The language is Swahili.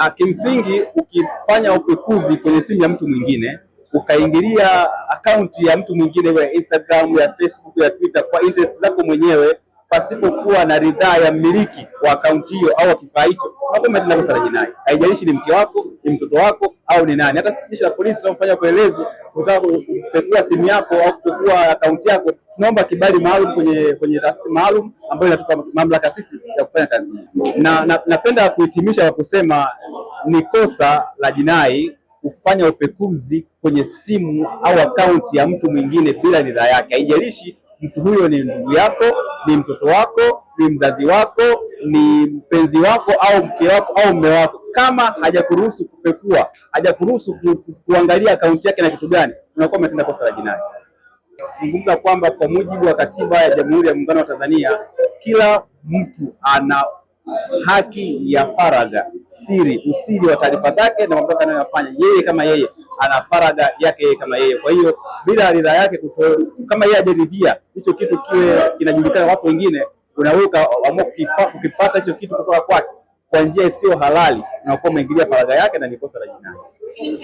Ah, kimsingi, ukifanya upekuzi kwenye simu ya mtu mwingine ukaingilia akaunti ya mtu mwingine ya Instagram, ya Facebook, ya Twitter kwa interest zako mwenyewe pasipokuwa na ridhaa ya mmiliki wa akaunti hiyo au kifaa hicho, hapo umetenda kosa la jinai. Haijalishi ni mke wako, ni mtoto wako au ni nani. Hata sisi jeshi la polisi tunapofanya upelelezi, kutaka kupekua simu yako au kupekua akaunti yako, tunaomba kibali maalum kwenye kwenye taasisi maalum ambayo inatupa mamlaka sisi ya kufanya kazi hii. Na napenda na kuhitimisha kwa kusema ni kosa la jinai kufanya upekuzi kwenye simu au akaunti ya mtu mwingine bila ridhaa yake, haijalishi mtu huyo ni ndugu yako ni mtoto wako, ni mzazi wako, ni mpenzi wako au mke wako au mume wako, kama hajakuruhusu kupekua, hajakuruhusu kuangalia akaunti yake na kitu gani, unakuwa umetenda kosa la jinai. Zungumza kwamba kwa mujibu wa katiba ya Jamhuri ya Muungano wa Tanzania, kila mtu ana haki ya faragha, siri, usiri wa taarifa zake na mambo anayofanya yeye kama yeye, ana faragha yake yeye kama yeye. Kwa hiyo bila ridhaa yake kuto, kama yeye ajaridhia hicho kitu kiwe kinajulikana watu wengine, unawe ukaamua kukipata hicho kitu kutoka kwake kwa njia isiyo halali, unakuwa umeingilia faragha yake na ni kosa la jinai.